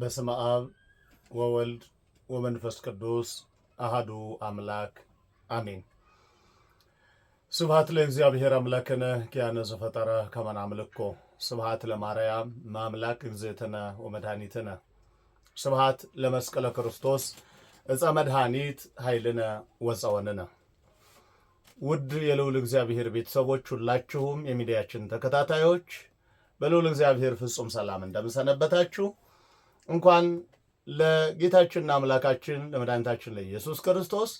በስመ አብ ወወልድ ወመንፈስ ቅዱስ አሃዱ አምላክ አሜን። ስብሐት ለእግዚአብሔር አምላክነ ኪያነ ዘፈጠረ ከመ ናምልኮ ስብሐት ለማርያም ማምላክ እግዝእትነ ወመድኃኒትነ ስብሐት ለመስቀለ ክርስቶስ እፀ መድኃኒት ኃይልነ ወፀወንነ። ውድ የልዑል እግዚአብሔር ቤተሰቦች ሁላችሁም የሚዲያችን ተከታታዮች በልዑል እግዚአብሔር ፍጹም ሰላም እንደምንሰነበታችሁ እንኳን ለጌታችንና አምላካችን ለመድኃኒታችን ለኢየሱስ ክርስቶስ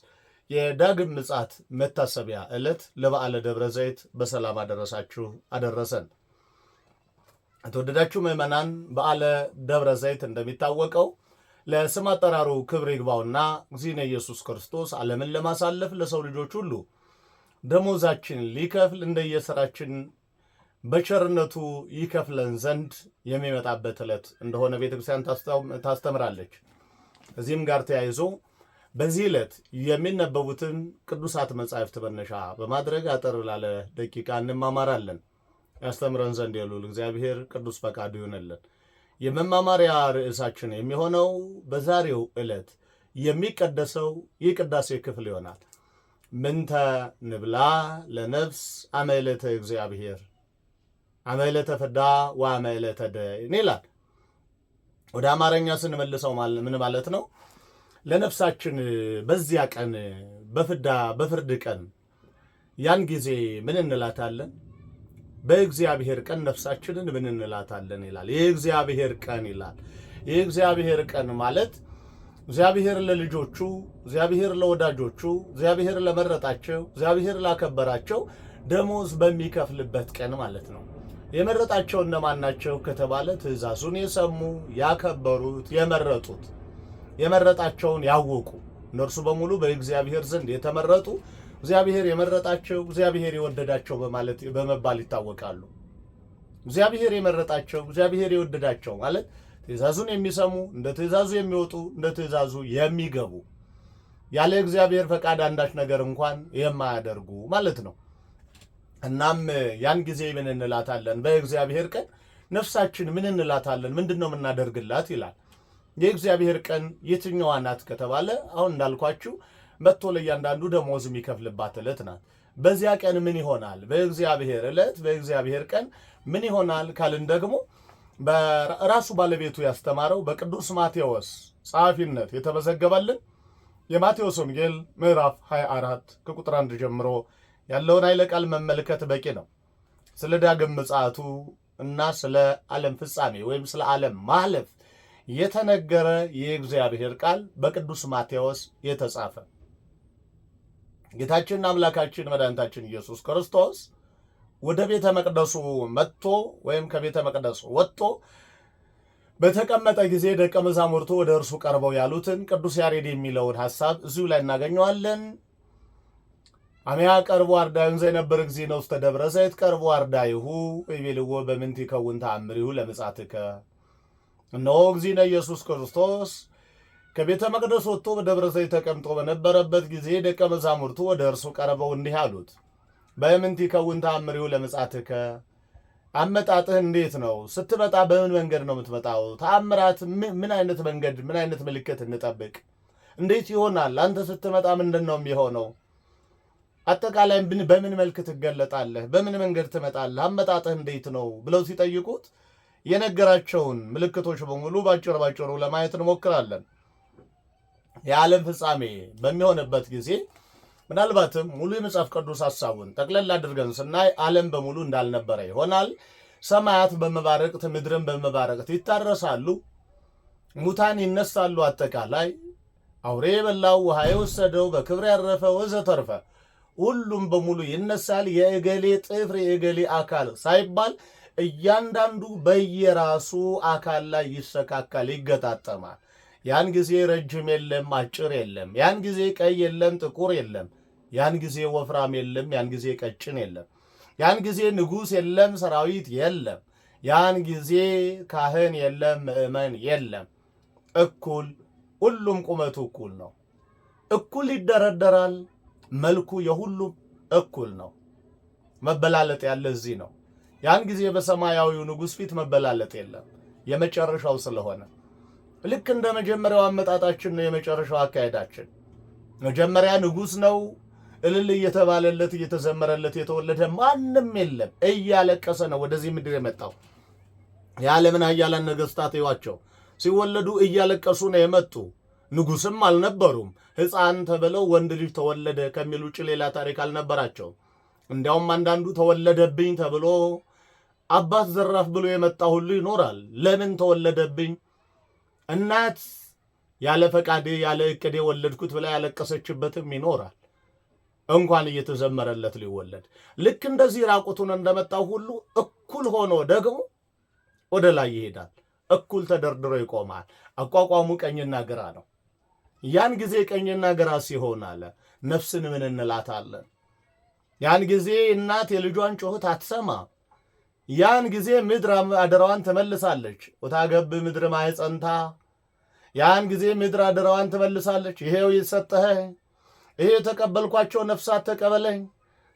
የዳግም ምጽአት መታሰቢያ ዕለት ለበዓለ ደብረ ዘይት በሰላም አደረሳችሁ አደረሰን። የተወደዳችሁ ምዕመናን፣ በዓለ ደብረ ዘይት እንደሚታወቀው ለስም አጠራሩ ክብር ይግባውና ዚነ ኢየሱስ ክርስቶስ ዓለምን ለማሳለፍ ለሰው ልጆች ሁሉ ደሞዛችን ሊከፍል እንደየሥራችን በቸርነቱ ይከፍለን ዘንድ የሚመጣበት ዕለት እንደሆነ ቤተክርስቲያን ታስተምራለች። እዚህም ጋር ተያይዞ በዚህ ዕለት የሚነበቡትን ቅዱሳት መጻሕፍት መነሻ በማድረግ አጠር ላለ ደቂቃ እንማማራለን። ያስተምረን ዘንድ የሉል እግዚአብሔር ቅዱስ ፈቃዱ ይሆነልን። የመማማሪያ ርዕሳችን የሚሆነው በዛሬው ዕለት የሚቀደሰው ይህ ቅዳሴ ክፍል ይሆናል። ምንተ ንብላ ለነፍስ አመለተ እግዚአብሔር አመዕለተ ፍዳ ወአመዕለተ ደይን ይላል። ወደ አማርኛ ስንመልሰው ምን ማለት ነው? ለነፍሳችን በዚያ ቀን በፍዳ በፍርድ ቀን ያን ጊዜ ምን እንላታለን? በእግዚአብሔር ቀን ነፍሳችንን ምን እንላታለን ይላል። የእግዚአብሔር ቀን ይላል። የእግዚአብሔር ቀን ማለት እግዚአብሔር ለልጆቹ እግዚአብሔር ለወዳጆቹ እግዚአብሔር ለመረጣቸው እግዚአብሔር ላከበራቸው ደሞዝ በሚከፍልበት ቀን ማለት ነው። የመረጣቸው እነማን ናቸው ከተባለ ትእዛዙን የሰሙ ያከበሩት፣ የመረጡት የመረጣቸውን ያወቁ እነርሱ በሙሉ በእግዚአብሔር ዘንድ የተመረጡ እግዚአብሔር የመረጣቸው እግዚአብሔር የወደዳቸው በማለት በመባል ይታወቃሉ። እግዚአብሔር የመረጣቸው እግዚአብሔር የወደዳቸው ማለት ትእዛዙን የሚሰሙ እንደ ትእዛዙ የሚወጡ እንደ ትእዛዙ የሚገቡ ያለ እግዚአብሔር ፈቃድ አንዳች ነገር እንኳን የማያደርጉ ማለት ነው። እናም ያን ጊዜ ምን እንላታለን? በእግዚአብሔር ቀን ነፍሳችን ምን እንላታለን? ምንድን ነው የምናደርግላት? ይላል። የእግዚአብሔር ቀን የትኛዋ ናት ከተባለ አሁን እንዳልኳችሁ መጥቶ ለእያንዳንዱ ደሞዝ የሚከፍልባት ዕለት ናት። በዚያ ቀን ምን ይሆናል? በእግዚአብሔር ዕለት በእግዚአብሔር ቀን ምን ይሆናል ካልን ደግሞ ራሱ ባለቤቱ ያስተማረው በቅዱስ ማቴዎስ ጸሐፊነት የተመዘገበልን የማቴዎስ ወንጌል ምዕራፍ 24 ከቁጥር 1 ጀምሮ ያለውን ኃይለ ቃል መመልከት በቂ ነው። ስለ ዳግም ምጽአቱ እና ስለ ዓለም ፍጻሜ ወይም ስለ ዓለም ማለፍ የተነገረ የእግዚአብሔር ቃል በቅዱስ ማቴዎስ የተጻፈ ጌታችን አምላካችን መድኃኒታችን ኢየሱስ ክርስቶስ ወደ ቤተ መቅደሱ መጥቶ ወይም ከቤተ መቅደሱ ወጥቶ በተቀመጠ ጊዜ ደቀ መዛሙርቱ ወደ እርሱ ቀርበው ያሉትን ቅዱስ ያሬድ የሚለውን ሐሳብ እዚሁ ላይ እናገኘዋለን። አመያ ቀርቦ አርዳዩን ዘይነብር ነው ውስተ ደብረ ዘይት ቀርቦ አርዳይሁ ይቤልዎ በምንት ይከውን ተአምሪሁ ለምጻትከ። እነሆ እግዚእነ ኢየሱስ ክርስቶስ ከቤተ መቅደስ ወጥቶ በደብረ ዘይት ተቀምጦ በነበረበት ጊዜ ደቀ መዛሙርቱ ወደ እርሱ ቀርበው እንዲህ አሉት፣ በምንት ይከውን ተአምሪሁ ለምጻትከ። አመጣጥህ እንዴት ነው? ስትመጣ በምን መንገድ ነው የምትመጣው? ተአምራት ምን አይነት መንገድ ምን አይነት ምልክት እንጠብቅ? እንዴት ይሆናል? አንተ ስትመጣ ምንድን ነው የሚሆነው? አጠቃላይ በምን መልክ ትገለጣለህ? በምን መንገድ ትመጣለህ? አመጣጥህ እንዴት ነው ብለው ሲጠይቁት የነገራቸውን ምልክቶች በሙሉ ባጭር ባጭሩ ለማየት እንሞክራለን። የዓለም ፍጻሜ በሚሆንበት ጊዜ ምናልባትም ሙሉ የመጽሐፍ ቅዱስ ሐሳቡን ጠቅለል አድርገን ስናይ ዓለም በሙሉ እንዳልነበረ ይሆናል። ሰማያት በመባረቅት ምድርን በመባረቅት ይታረሳሉ። ሙታን ይነሳሉ። አጠቃላይ አውሬ የበላው ውሃ የወሰደው በክብር ያረፈ ወዘተርፈ ሁሉም በሙሉ ይነሳል። የእገሌ ጥፍር የእገሌ አካል ሳይባል እያንዳንዱ በየራሱ አካል ላይ ይሰካካል፣ ይገጣጠማል። ያን ጊዜ ረጅም የለም፣ አጭር የለም። ያን ጊዜ ቀይ የለም፣ ጥቁር የለም። ያን ጊዜ ወፍራም የለም፣ ያን ጊዜ ቀጭን የለም። ያን ጊዜ ንጉሥ የለም፣ ሰራዊት የለም። ያን ጊዜ ካህን የለም፣ ምእመን የለም። እኩል ሁሉም ቁመቱ እኩል ነው። እኩል ይደረደራል። መልኩ የሁሉም እኩል ነው። መበላለጥ ያለ እዚህ ነው። ያን ጊዜ በሰማያዊው ንጉሥ ፊት መበላለጥ የለም። የመጨረሻው ስለሆነ ልክ እንደ መጀመሪያው አመጣጣችን ነው የመጨረሻው አካሄዳችን። መጀመሪያ ንጉሥ ነው እልል እየተባለለት እየተዘመረለት የተወለደ ማንም የለም። እያለቀሰ ነው ወደዚህ ምድር የመጣው። የዓለምን ኃያላን ነገሥታት ይዋቸው ሲወለዱ እያለቀሱ ነው የመጡ ንጉሥም አልነበሩም። ሕፃን ተብለው ወንድ ልጅ ተወለደ ከሚል ውጭ ሌላ ታሪክ አልነበራቸው። እንዲያውም አንዳንዱ ተወለደብኝ ተብሎ አባት ዘራፍ ብሎ የመጣ ሁሉ ይኖራል። ለምን ተወለደብኝ እናት ያለ ፈቃዴ ያለ እቅዴ ወለድኩት ብላ ያለቀሰችበትም ይኖራል። እንኳን እየተዘመረለት ሊወለድ ልክ እንደዚህ ራቁቱን እንደመጣው ሁሉ እኩል ሆኖ ደግሞ ወደ ላይ ይሄዳል። እኩል ተደርድሮ ይቆማል። አቋቋሙ ቀኝና ግራ ነው። ያን ጊዜ ቀኝና ግራ ሲሆን አለ ነፍስን ምን እንላታለን? ያን ጊዜ እናት የልጇን ጩኸት አትሰማ። ያን ጊዜ ምድር አደራዋን ትመልሳለች። ወታገብ ምድር ማይጸንታ ያን ጊዜ ምድር አደራዋን ትመልሳለች። ይሄው የሰጠኸኝ ይሄ የተቀበልኳቸው ነፍሳት ተቀበለኝ፣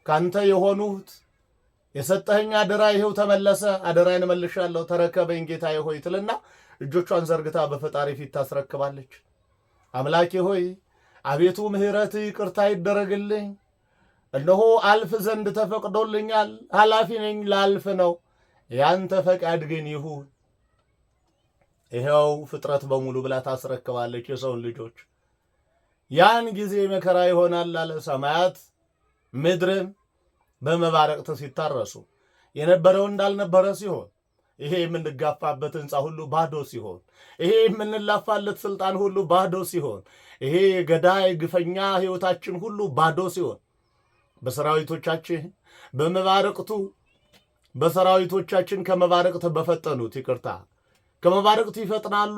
ካንተ የሆኑት የሰጠኸኝ አደራ ይሄው ተመለሰ። አደራ እመልሻለሁ፣ ተረከበኝ ጌታ ሆይ ትልና እጆቿን ዘርግታ በፈጣሪ ፊት ታስረክባለች። አምላኬ ሆይ አቤቱ ምሕረት ይቅርታ ይደረግልኝ። እነሆ አልፍ ዘንድ ተፈቅዶልኛል፣ ኃላፊ ነኝ ላልፍ ነው። ያንተ ፈቃድ ግን ይሁን። ይኸው ፍጥረት በሙሉ ብላ ታስረክባለች የሰውን ልጆች። ያን ጊዜ መከራ ይሆናል አለ ሰማያት ምድርም በመባረቅት ሲታረሱ የነበረው እንዳልነበረ ሲሆን ይሄ የምንጋፋበት ህንፃ ሁሉ ባዶ ሲሆን፣ ይሄ የምንላፋለት ስልጣን ሁሉ ባዶ ሲሆን፣ ይሄ የገዳይ ግፈኛ ህይወታችን ሁሉ ባዶ ሲሆን፣ በሰራዊቶቻችን በመባረቅቱ በሰራዊቶቻችን ከመባረቅት በፈጠኑት ይቅርታ ከመባረቅቱ ይፈጥናሉ።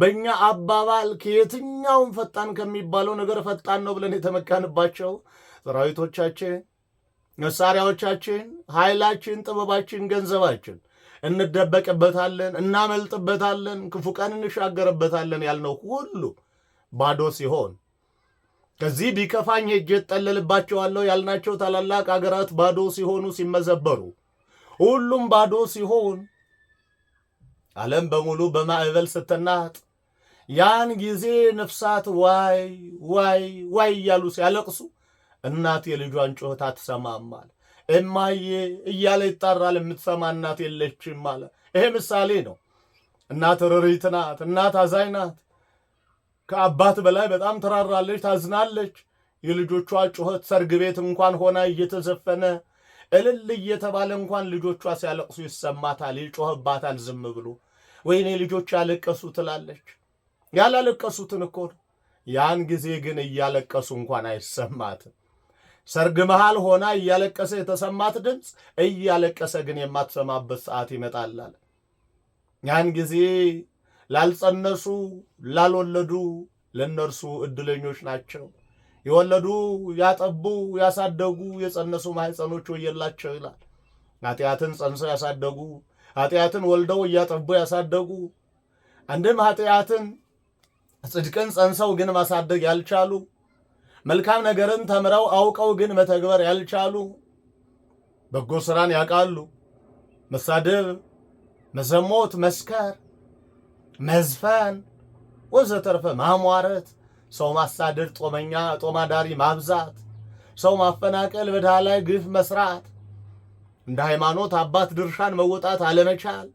በእኛ አባባል ከየትኛውም ፈጣን ከሚባለው ነገር ፈጣን ነው ብለን የተመካንባቸው ሰራዊቶቻችን፣ መሳሪያዎቻችን፣ ኃይላችን፣ ጥበባችን፣ ገንዘባችን እንደበቅበታለን፣ እናመልጥበታለን፣ ክፉ ቀን እንሻገርበታለን ያልነው ሁሉ ባዶ ሲሆን ከዚህ ቢከፋኝ ሄጄ እጠለልባቸዋለሁ ያልናቸው ታላላቅ አገራት ባዶ ሲሆኑ ሲመዘበሩ፣ ሁሉም ባዶ ሲሆን፣ ዓለም በሙሉ በማዕበል ስትናጥ፣ ያን ጊዜ ነፍሳት ዋይ ዋይ ዋይ እያሉ ሲያለቅሱ እናት የልጇን ጩኸት አትሰማም አለ። እማዬ እያለ ይጣራል። የምትሰማ እናት የለችም አለ። ይሄ ምሳሌ ነው። እናት ርሪት ናት። እናት አዛኝ ናት። ከአባት በላይ በጣም ትራራለች፣ ታዝናለች። የልጆቿ ጩኸት ሰርግ ቤት እንኳን ሆና እየተዘፈነ እልል እየተባለ እንኳን ልጆቿ ሲያለቅሱ ይሰማታል፣ ይጮህባታል ዝም ብሎ። ወይኔ ልጆች ያለቀሱ ትላለች። ያላለቀሱትን እኮ ያን ጊዜ ግን እያለቀሱ እንኳን አይሰማትም። ሰርግ መሃል ሆና እያለቀሰ የተሰማት ድምፅ እያለቀሰ ግን የማትሰማበት ሰዓት ይመጣል አለ። ያን ጊዜ ላልጸነሱ ላልወለዱ ለእነርሱ እድለኞች ናቸው። የወለዱ ያጠቡ፣ ያሳደጉ የጸነሱ ማሕፀኖች ወየላቸው ይላል። ኃጢአትን ጸንሰው ያሳደጉ፣ ኃጢአትን ወልደው እያጠቡ ያሳደጉ፣ አንድም ኃጢአትን ጽድቅን ጸንሰው ግን ማሳደግ ያልቻሉ መልካም ነገርን ተምረው አውቀው ግን መተግበር ያልቻሉ፣ በጎ ስራን ያውቃሉ፣ መሳደብ፣ መዘሞት፣ መስከር፣ መዝፈን ወዘተርፈ ማሟረት፣ ሰው ማሳደድ፣ ጦመኛ ጦማዳሪ ማብዛት፣ ሰው ማፈናቀል፣ በድሃ ላይ ግፍ መስራት፣ እንደ ሃይማኖት አባት ድርሻን መወጣት አለመቻል፣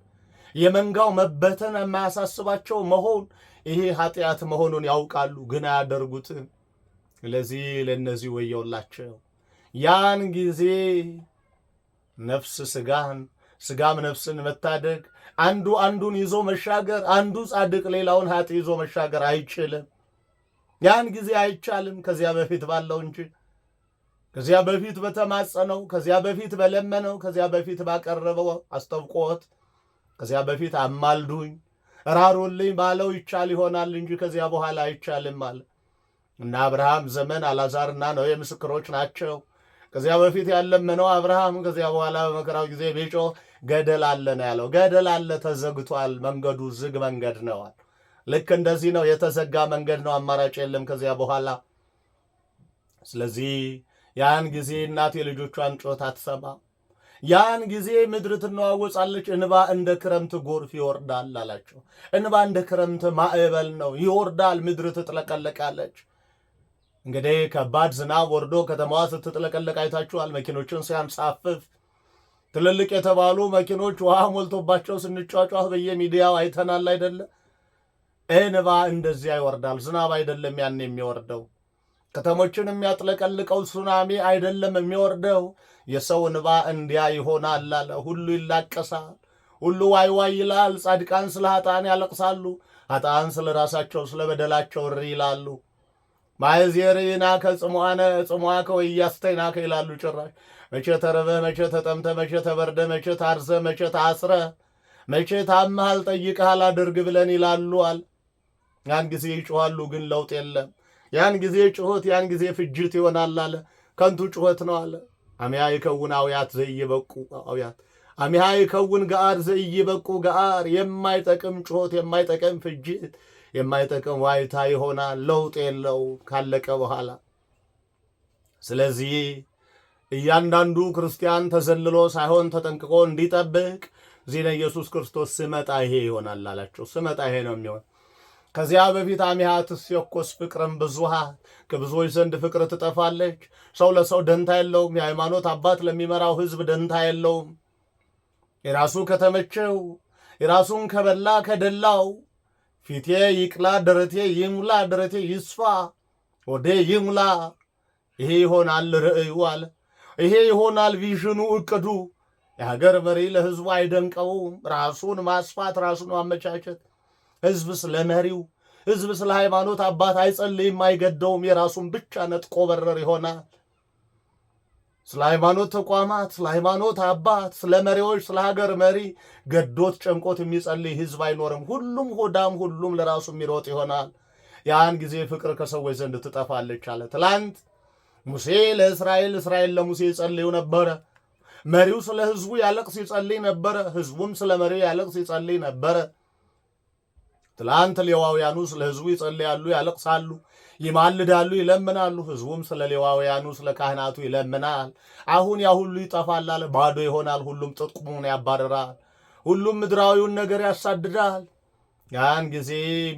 የመንጋው መበተን የማያሳስባቸው መሆን፣ ይሄ ኃጢአት መሆኑን ያውቃሉ ግን አያደርጉትም። ለዚህ ለእነዚህ ወየውላቸው። ያን ጊዜ ነፍስ ስጋን ስጋም ነፍስን መታደግ፣ አንዱ አንዱን ይዞ መሻገር፣ አንዱ ጻድቅ ሌላውን ኃጥ ይዞ መሻገር አይችልም። ያን ጊዜ አይቻልም። ከዚያ በፊት ባለው እንጂ ከዚያ በፊት በተማጸነው፣ ከዚያ በፊት በለመነው፣ ከዚያ በፊት ባቀረበው አስጠብቆት፣ ከዚያ በፊት አማልዱኝ ራሩልኝ ባለው ይቻል ይሆናል እንጂ ከዚያ በኋላ አይቻልም አለ። እና አብርሃም ዘመን አልዓዛርና ነው የምስክሮች ናቸው። ከዚያ በፊት ያለመነው አብርሃም ከዚያ በኋላ በመከራው ጊዜ ቤጮ ገደል አለ ነው ያለው። ገደል አለ ተዘግቷል፣ መንገዱ ዝግ መንገድ ነው። ልክ እንደዚህ ነው፣ የተዘጋ መንገድ ነው፣ አማራጭ የለም ከዚያ በኋላ። ስለዚህ ያን ጊዜ እናት የልጆቿን ጩኸት አትሰማ። ያን ጊዜ ምድር ትነዋወጻለች፣ እንባ እንደ ክረምት ጎርፍ ይወርዳል አላቸው። እንባ እንደ ክረምት ማዕበል ነው፣ ይወርዳል፣ ምድር ትጥለቀለቃለች። እንግዲህ ከባድ ዝናብ ወርዶ ከተማዋ ስትጥለቀለቅ አይታችኋል። መኪኖችን ሲያንሳፍፍ ትልልቅ የተባሉ መኪኖች ውሃ ሞልቶባቸው ስንጫጫህ በየሚዲያው አይተናል አይደለ? እንባ እንደዚያ ይወርዳል። ዝናብ አይደለም ያን የሚወርደው ከተሞችን የሚያጥለቀልቀው ሱናሚ አይደለም የሚወርደው፣ የሰው እንባ እንዲያ ይሆናል አለ። ሁሉ ይላቀሳል፣ ሁሉ ዋይዋይ ይላል። ጻድቃን ስለ ሀጣን ያለቅሳሉ፣ ኃጣን ስለ ራሳቸው ስለ በደላቸው እሪ ይላሉ። ማእዜርና ከጽሟነ ጽሟከ ወኢያስተይናከ ይላሉ። ጭራሽ መቼ ተረበ፣ መቼ ተጠምተ፣ መቼ ተበርደ፣ መቼ ታርሰህ፣ መቼ ታስረ፣ መቼ ታመሃል ጠይቀሃል፣ አድርግ ብለን ይላሉ አል ያን ጊዜ ይጮኋሉ፣ ግን ለውጥ የለም። ያን ጊዜ ጩኸት፣ ያን ጊዜ ፍጅት ይሆናል አለ። ከንቱ ጩኸት ነው አለ። አሚያ ይከውን አውያት ዘይበቁ አውያት አሚያ ይከውን ገአር ዘይበቁ ገአር የማይጠቅም ጩኸት፣ የማይጠቅም ፍጅት የማይጠቅም ዋይታ ይሆናል። ለውጥ የለው ካለቀ በኋላ። ስለዚህ እያንዳንዱ ክርስቲያን ተዘልሎ ሳይሆን ተጠንቅቆ እንዲጠብቅ ዚነ ኢየሱስ ክርስቶስ ስመጣ ይሄ ይሆናል አላቸው። ስመጣ ይሄ ነው የሚሆን። ከዚያ በፊት አሚያት ስየኮስ ፍቅርም ብዙሃ ከብዙዎች ዘንድ ፍቅር ትጠፋለች። ሰው ለሰው ደንታ የለውም። የሃይማኖት አባት ለሚመራው ሕዝብ ደንታ የለውም። የራሱ ከተመቸው የራሱን ከበላ ከደላው ፊቴ ይቅላ ደረቴ ይሙላ ደረቴ ይስፋ ወዴ ይሙላ። ይሄ ይሆናል ርዕዩ አለ። ይሄ ይሆናል ቪዥኑ እቅዱ። የሀገር መሪ ለህዝቡ አይደንቀውም። ራሱን ማስፋት፣ ራሱን ማመቻቸት። ህዝብ ስለ መሪው፣ ህዝብ ስለ ሃይማኖት አባት አይጸልይም፣ አይገደውም። የራሱን ብቻ ነጥቆ በረር ይሆናል። ስለ ሃይማኖት ተቋማት፣ ስለ ሃይማኖት አባት፣ ስለ መሪዎች፣ ስለ ሀገር መሪ ገዶት ጨንቆት የሚጸልይ ህዝብ አይኖርም። ሁሉም ሆዳም፣ ሁሉም ለራሱ የሚሮጥ ይሆናል። ያን ጊዜ ፍቅር ከሰዎች ዘንድ ትጠፋለች አለ። ትላንት ሙሴ ለእስራኤል፣ እስራኤል ለሙሴ ይጸልዩ ነበረ። መሪው ስለ ህዝቡ ያለቅስ ይጸልይ ነበረ። ህዝቡም ስለ መሪው ያለቅስ ይጸልይ ነበረ። ትላንት ሌዋውያኑ ስለ ህዝቡ ይጸልያሉ፣ ያለቅሳሉ። ይማልዳሉ፣ ይለምናሉ። ህዝቡም ስለ ሌዋውያኑ ስለ ካህናቱ ይለምናል። አሁን ያ ሁሉ ይጠፋላል፣ ባዶ ይሆናል። ሁሉም ጥቅሙን ያባርራል፣ ሁሉም ምድራዊውን ነገር ያሳድዳል። ያን ጊዜ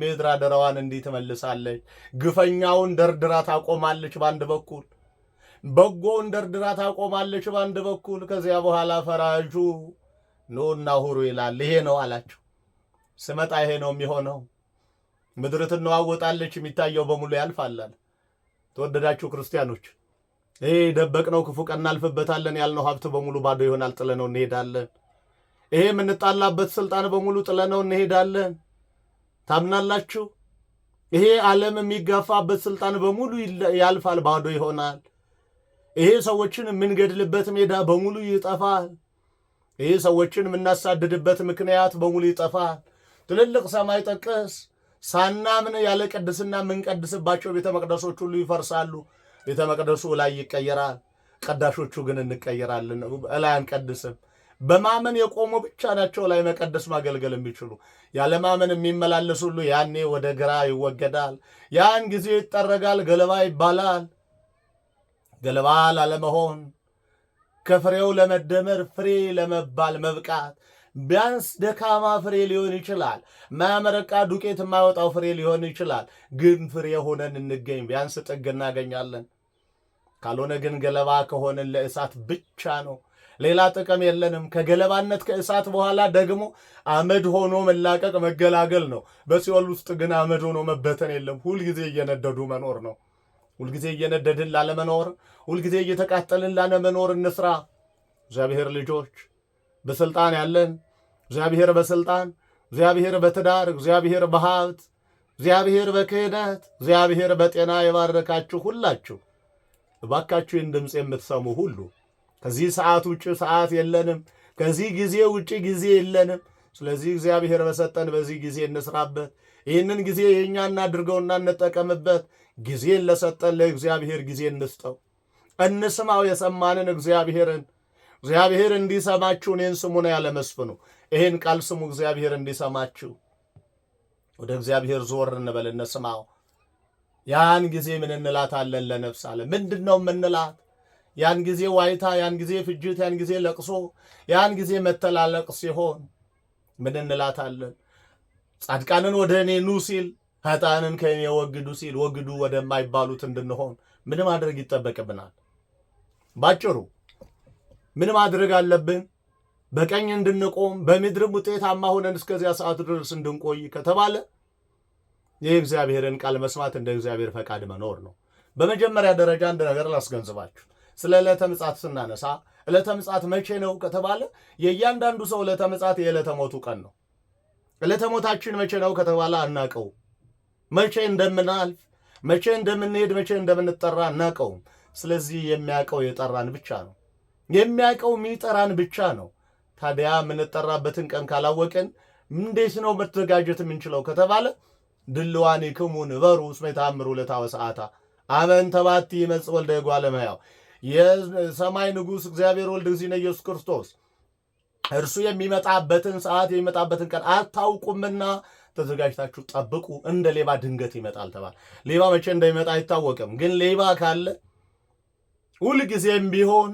ምድር አደራዋን እንዲህ ትመልሳለች። ግፈኛውን ደርድራ ታቆማለች በአንድ በኩል፣ በጎውን ደርድራ ታቆማለች በአንድ በኩል። ከዚያ በኋላ ፈራጁ ኑና ሁሩ ይላል። ይሄ ነው አላቸው ስመጣ፣ ይሄ ነው የሚሆነው ምድር ትነዋወጣለች፣ የሚታየው በሙሉ ያልፋላል። ተወደዳችሁ ክርስቲያኖች፣ ይህ የደበቅነው ክፉ ቀን እናልፍበታለን ያልነው ሀብት በሙሉ ባዶ ይሆናል፣ ጥለነው እንሄዳለን። ይሄ የምንጣላበት ስልጣን በሙሉ ጥለነው እንሄዳለን። ታምናላችሁ? ይሄ ዓለም የሚጋፋበት ስልጣን በሙሉ ያልፋል፣ ባዶ ይሆናል። ይሄ ሰዎችን የምንገድልበት ሜዳ በሙሉ ይጠፋል። ይሄ ሰዎችን የምናሳድድበት ምክንያት በሙሉ ይጠፋል። ትልልቅ ሰማይ ጠቀስ ሳናምን ያለ ቅድስና የምንቀድስባቸው ቤተ መቅደሶች ሁሉ ይፈርሳሉ። ቤተ መቅደሱ ላይ ይቀየራል። ቀዳሾቹ ግን እንቀየራለን፣ እላይ አንቀድስም። በማመን የቆሙ ብቻ ናቸው ላይ መቀደስ ማገልገል የሚችሉ። ያለማመን የሚመላለስ ሁሉ ያኔ ወደ ግራ ይወገዳል። ያን ጊዜ ይጠረጋል፣ ገለባ ይባላል። ገለባ ላለመሆን ከፍሬው ለመደመር ፍሬ ለመባል መብቃት ቢያንስ ደካማ ፍሬ ሊሆን ይችላል። ማያመረቃ ዱቄት የማይወጣው ፍሬ ሊሆን ይችላል። ግን ፍሬ ሆነን እንገኝ፣ ቢያንስ ጥግ እናገኛለን። ካልሆነ ግን ገለባ ከሆነን ለእሳት ብቻ ነው፣ ሌላ ጥቅም የለንም። ከገለባነት ከእሳት በኋላ ደግሞ አመድ ሆኖ መላቀቅ መገላገል ነው። በሲኦል ውስጥ ግን አመድ ሆኖ መበተን የለም። ሁልጊዜ እየነደዱ መኖር ነው። ሁልጊዜ እየነደድን ላለመኖር፣ ሁልጊዜ እየተቃጠልን ላለመኖር እንስራ። እግዚአብሔር ልጆች በስልጣን ያለን እግዚአብሔር በስልጣን፣ እግዚአብሔር በትዳር፣ እግዚአብሔር በሀብት፣ እግዚአብሔር በክህነት፣ እግዚአብሔር በጤና የባረካችሁ ሁላችሁ እባካችሁ ይህን ድምፅ የምትሰሙ ሁሉ ከዚህ ሰዓት ውጭ ሰዓት የለንም። ከዚህ ጊዜ ውጭ ጊዜ የለንም። ስለዚህ እግዚአብሔር በሰጠን በዚህ ጊዜ እንስራበት። ይህንን ጊዜ የእኛ እናድርገውና እንጠቀምበት። ጊዜን ለሰጠን ለእግዚአብሔር ጊዜ እንስጠው። እንስማው የሰማንን እግዚአብሔርን። እግዚአብሔር እንዲሰማችሁ እኔን ስሙን ያለ መስፍኑ ይህን ቃል ስሙ፣ እግዚአብሔር እንዲሰማችሁ። ወደ እግዚአብሔር ዞር እንበል፣ እንስማው። ያን ጊዜ ምን እንላታለን? ለነፍስ አለ ምንድን ነው የምንላት? ያን ጊዜ ዋይታ፣ ያን ጊዜ ፍጅት፣ ያን ጊዜ ለቅሶ፣ ያን ጊዜ መተላለቅ ሲሆን ምን እንላታለን? ጻድቃንን ወደ እኔ ኑ ሲል ኃጥአንን ከእኔ ወግዱ ሲል ወግዱ ወደማይባሉት እንድንሆን ምን ማድረግ ይጠበቅብናል? ባጭሩ ምን ማድረግ አለብን? በቀኝ እንድንቆም በምድርም ውጤታማ ሆነን እስከዚያ ሰዓት ድረስ እንድንቆይ ከተባለ የእግዚአብሔርን ቃል መስማት እንደ እግዚአብሔር ፈቃድ መኖር ነው። በመጀመሪያ ደረጃ አንድ ነገር ላስገንዝባችሁ። ስለ ዕለተ ምጽአት ስናነሳ ዕለተ ምጽአት መቼ ነው ከተባለ የእያንዳንዱ ሰው ዕለተ ምጽአት የዕለተ ሞቱ ቀን ነው። ዕለተ ሞታችን መቼ ነው ከተባለ አናቀው። መቼ እንደምናልፍ፣ መቼ እንደምንሄድ፣ መቼ እንደምንጠራ አናቀውም። ስለዚህ የሚያቀው የጠራን ብቻ ነው። የሚያቀው የሚጠራን ብቻ ነው። ታዲያ የምንጠራበትን ቀን ካላወቅን እንዴት ነው መተጋጀት የምንችለው ከተባለ ድልዋኒክሙ ንበሩ እስመ ይተአምሩ ለታወ ሰዓታ አመን ተባቲ ይመጽእ ወልደ እጓለ እመሕያው የሰማይ ንጉሥ እግዚአብሔር ወልድ እግዚእነ ኢየሱስ ክርስቶስ እርሱ የሚመጣበትን ሰዓት የሚመጣበትን ቀን አታውቁምና ተዘጋጅታችሁ ጠብቁ። እንደ ሌባ ድንገት ይመጣል ተባለ። ሌባ መቼ እንደሚመጣ አይታወቅም፣ ግን ሌባ ካለ ሁልጊዜም ቢሆን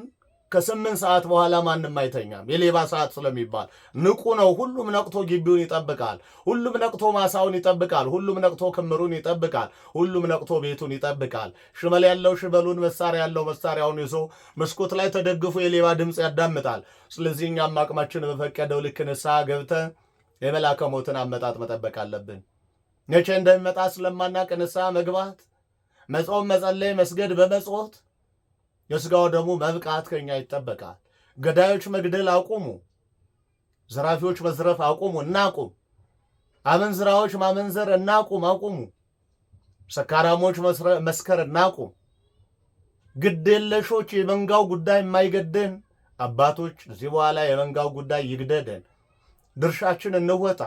ከስምንት ሰዓት በኋላ ማንም አይተኛም፣ የሌባ ሰዓት ስለሚባል ንቁ ነው። ሁሉም ነቅቶ ግቢውን ይጠብቃል። ሁሉም ነቅቶ ማሳውን ይጠብቃል። ሁሉም ነቅቶ ክምሩን ይጠብቃል። ሁሉም ነቅቶ ቤቱን ይጠብቃል። ሽመል ያለው ሽመሉን፣ መሳሪያ ያለው መሳሪያውን ይዞ መስኮት ላይ ተደግፎ የሌባ ድምፅ ያዳምጣል። ስለዚህ እኛም አቅማችን በፈቀደው ልክ ንስሐ ገብተን የመላከ ሞትን አመጣጥ መጠበቅ አለብን። መቼ እንደሚመጣ ስለማናቅ ንስሐ መግባት፣ መጾም፣ መጸለይ፣ መስገድ በመጽት የሥጋው ደግሞ መብቃት ከኛ ይጠበቃል። ገዳዮች መግደል አቁሙ፣ ዘራፊዎች መዝረፍ አቁሙ፣ እናቁም። አመንዝራዎች ማመንዘር እናቁም፣ አቁሙ። ሰካራሞች መስከር እናቁም። ግድ የመንጋው ጉዳይ የማይገደን አባቶች እዚህ በኋላ የመንጋው ጉዳይ ይግደደን። ድርሻችን እንወጣ።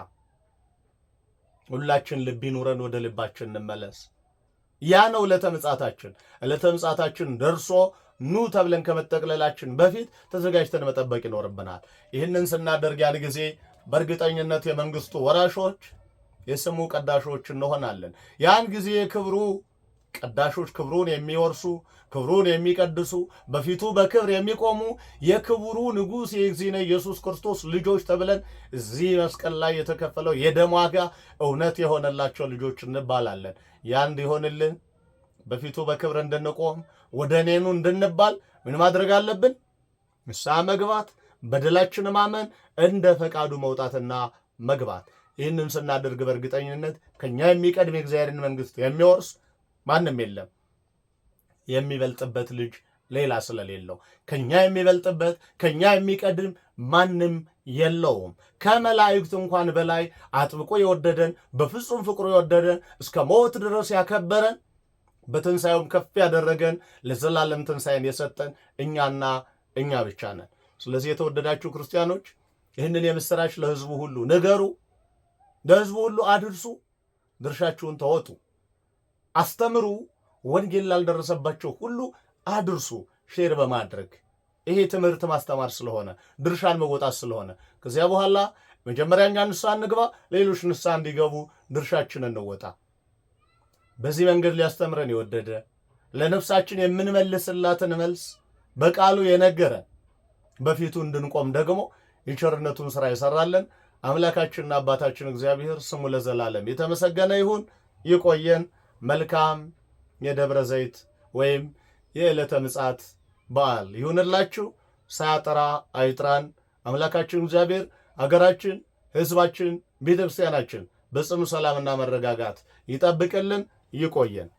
ሁላችን ልብ ይኑረን፣ ወደ ልባችን እንመለስ። ያ ነው ዕለተ ምጽአታችን። ዕለተ ምጽአታችን ደርሶ ኑ ተብለን ከመጠቅለላችን በፊት ተዘጋጅተን መጠበቅ ይኖርብናል። ይህንን ስናደርግ ያን ጊዜ በእርግጠኝነት የመንግስቱ ወራሾች የስሙ ቀዳሾች እንሆናለን። ያን ጊዜ ክብሩ ቀዳሾች ክብሩን የሚወርሱ ክብሩን የሚቀድሱ በፊቱ በክብር የሚቆሙ የክብሩ ንጉሥ የእግዚእነ ኢየሱስ ክርስቶስ ልጆች ተብለን እዚህ መስቀል ላይ የተከፈለው የደም ዋጋ እውነት የሆነላቸው ልጆች እንባላለን። ያ እንዲሆንልን በፊቱ በክብር እንድንቆም ወደ እኔኑ እንድንባል ምን ማድረግ አለብን? ንስሐ መግባት፣ በደላችን ማመን፣ እንደ ፈቃዱ መውጣትና መግባት። ይህንን ስናደርግ በእርግጠኝነት ከእኛ የሚቀድም የእግዚአብሔርን መንግሥት የሚወርስ ማንም የለም። የሚበልጥበት ልጅ ሌላ ስለሌለው ከኛ የሚበልጥበት ከኛ የሚቀድም ማንም የለውም። ከመላእክት እንኳን በላይ አጥብቆ የወደደን በፍጹም ፍቅሩ የወደደን እስከ ሞት ድረስ ያከበረን በትንሣኤውም ከፍ ያደረገን ለዘላለም ትንሣኤን የሰጠን እኛና እኛ ብቻ ነን። ስለዚህ የተወደዳችሁ ክርስቲያኖች ይህንን የምሥራች ለሕዝቡ ሁሉ ንገሩ፣ ለሕዝቡ ሁሉ አድርሱ፣ ድርሻችሁን ተወጡ፣ አስተምሩ፣ ወንጌል ላልደረሰባቸው ሁሉ አድርሱ፣ ሼር በማድረግ ይሄ ትምህርት ማስተማር ስለሆነ ድርሻን መወጣት ስለሆነ ከዚያ በኋላ መጀመሪያ እኛ ንስሐ እንግባ፣ ሌሎች ንስሐ እንዲገቡ ድርሻችን እንወጣ። በዚህ መንገድ ሊያስተምረን የወደደ ለነፍሳችን የምንመልስላትን መልስ በቃሉ የነገረን በፊቱ እንድንቆም ደግሞ የቸርነቱን ሥራ ይሠራለን። አምላካችንና አባታችን እግዚአብሔር ስሙ ለዘላለም የተመሰገነ ይሁን። ይቆየን። መልካም የደብረ ዘይት ወይም የዕለተ ምጽአት በዓል ይሁንላችሁ። ሳያጠራ አይጥራን። አምላካችን እግዚአብሔር አገራችን፣ ሕዝባችን፣ ቤተ ክርስቲያናችን በጽኑ ሰላምና መረጋጋት ይጠብቅልን። ይቆየን።